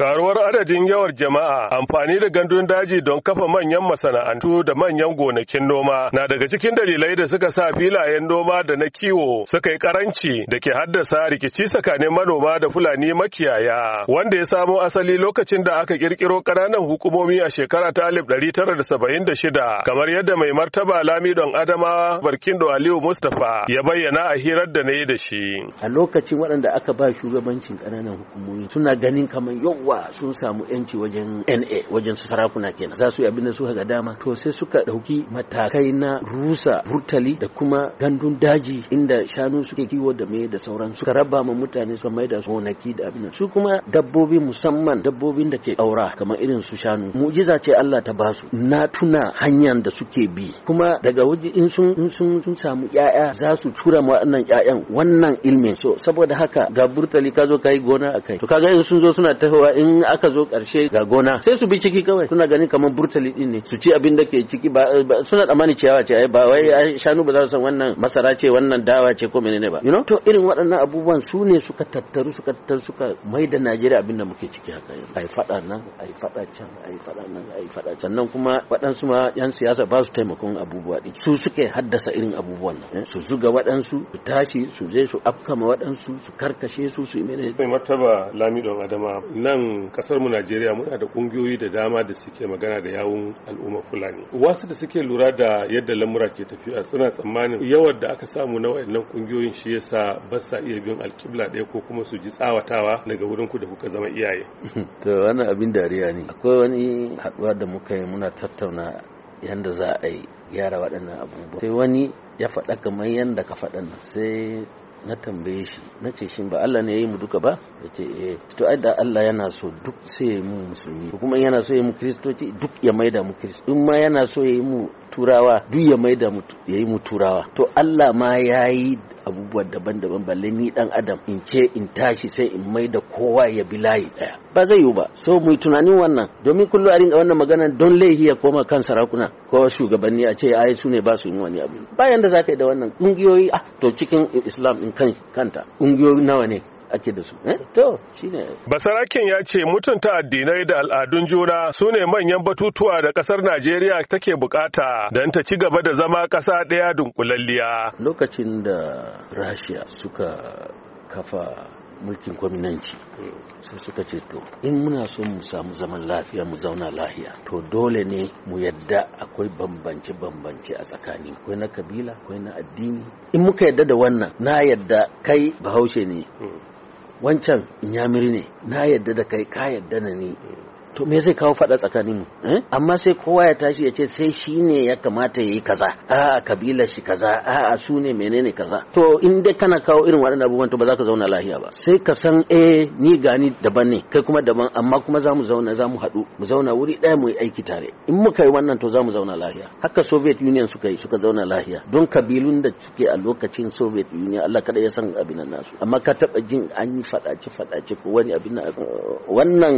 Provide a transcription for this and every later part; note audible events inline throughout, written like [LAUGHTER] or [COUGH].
Karuwar adadin yawar jama'a amfani da gandun daji don kafa manyan masana'antu da manyan gonakin noma na daga cikin dalilai da suka sa filayen noma da na kiwo suka yi karanci da ke haddasa rikici tsakanin manoma da Fulani makiyaya wanda ya samo asali lokacin da aka kirkiro ƙananan hukumomi a shekara ta alif tara da da saba'in shida, kamar yadda mai martaba Lamidon Adamawa Barkindo Aliyu Mustapha ya bayyana a hirar da na yi da shi. A lokacin waɗanda aka ba shugabancin ƙananan hukumomi suna ganin kamar yau yawa sun samu yanci wajen NA wajen su sarakuna kenan za su yi abin da su ga dama to sai suka dauki matakai na rusa burtali da kuma gandun daji inda shanu suke kiwo da mai da sauran suka raba ma mutane su mai da gonaki da abin su kuma dabbobi musamman dabbobin da ke aura kamar irin su shanu mu'jiza ce Allah ta basu na tuna hanyar da suke bi kuma daga waje in sun sun samu yaya za su tura ma wannan yayan wannan ilmin so saboda haka ga burtali ka zo kai gona akai to kaga in sun zo suna tahowa in aka zo karshe ga gona sai su bi ciki kawai suna ganin kamar burtali din ne su ci abin da ke ciki ba suna tsammani ciyawa ce ai ba wai shanu ba za su san wannan masara ce wannan dawa ce ko menene ba you know to irin waɗannan abubuwan su ne suka tattaru suka tattaru suka mai da Najeriya abin da muke ciki haka yanzu ai fada nan ai fada can ai fada nan ai fada can nan kuma waɗansu ma yan siyasa ba su taimakon abubuwa din su suke haddasa irin abubuwan nan eh? su zuga waɗansu su tashi su je su afkama waɗansu su karkashe su su menene mai martaba Lamido Adama nan nan kasar mu Najeriya muna da kungiyoyi da dama da suke magana da yawun al'umma Fulani. Wasu da suke lura da yadda lamura ke tafiya suna tsammanin yawan da aka samu na wayannan kungiyoyin shi yasa ba sa iya bin alƙibla ɗaya ko kuma su ji tsawatawa daga wurin ku da kuka zama iyaye. [LAUGHS] to wannan abin dariya ne. Akwai wani haɗuwa da muka yi muna tattauna yanda za a yi gyara waɗannan abubuwa. Sai wani ya faɗa kamar yadda ka faɗa sai na tambaye shi na ce shin ba Allah ne ya yi mu duka ba ya ce eh to ai da Allah yana so duk sai mu musulmi kuma yana so ya yi mu kristoci duk ya maida mu kristo in ma yana so ya yi mu turawa duk ya maida mu ya yi mu turawa to Allah ma ya yi abubuwa daban-daban balle ni dan adam in ce in tashi sai in mai da kowa ya bi layi daya ba zai yiwu ba so mu tunanin wannan domin kullum a ringa wannan magana don laihi ya koma kan sarakuna ko shugabanni a ce ai su ne ba su yin wani abu bayan da zaka yi da wannan kungiyoyi ah to cikin islam in kan kanta kungiyoyi nawa ne ake da su eh? to shine basaraken ya ce mutunta addinai da al'adun juna su ne manyan batutuwa da ƙasar najeriya take bukata don ta ci gaba da zama ƙasa ɗaya dunkulalliya lokacin da rashiya suka kafa mulkin kwaminanci sai suka ce to in muna so mu samu zaman lafiya mu zauna lafiya, to dole ne mu yadda akwai bambance bambance a tsakani akwai na kabila akwai na addini in muka yadda da wannan na yadda kai bahaushe ne hmm. wancan inyamiri ne na yadda da kai ka yadda na ni to me zai kawo faɗa tsakanin mu eh? amma sai kowa ya tashi ya ce sai shi ne ya kamata ya yi kaza a'a kabila shi kaza a'a su ne menene kaza to in dai kana kawo irin waɗannan abubuwan to ba za ka zauna lahiya ba sai ka san eh ni gani daban ne kai kuma daban amma kuma za mu zauna za mu haɗu mu zauna wuri ɗaya mu yi aiki tare in muka yi wannan to za mu zauna lahiya haka soviet union suka yi suka zauna lahiya don kabilun da suke a lokacin soviet union allah kada ya san abin nasu amma ka taɓa jin an yi faɗace faɗace ko wani abin wannan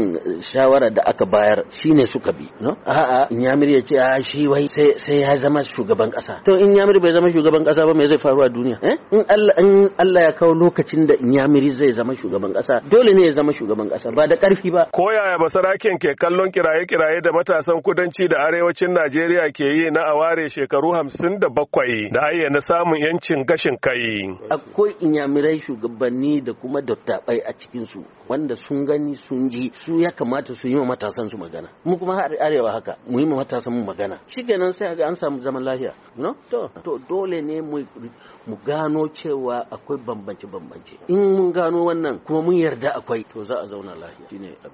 shawara da da aka bayar shine suka bi no a'a inyamir ya ce a shi wai sai sai ya zama shugaban kasa to inyamir bai zama shugaban kasa ba me zai faru a duniya eh in Allah in Allah ya kawo lokacin da inyamiri zai zama shugaban kasa dole ne ya zama shugaban kasa ba da karfi ba ko yaya basaraken ke kallon kiraye-kiraye da matasan kudanci da arewacin Najeriya ke yi na aware shekaru hamsin da bakwai da ayyana samun yancin gashin kai. Akwai inyamirai shugabanni da kuma dattabai a cikin su, wanda sun gani sun ji su ya kamata su yi ma matasan su magana mu kuma har arewa haka mu yi matasan mu magana shikenan sai ga an samu zaman lafiya no to to dole ne mu mu gano cewa akwai bambance bambance in mun gano wannan kuma mun yarda akwai to za a zauna lafiya shine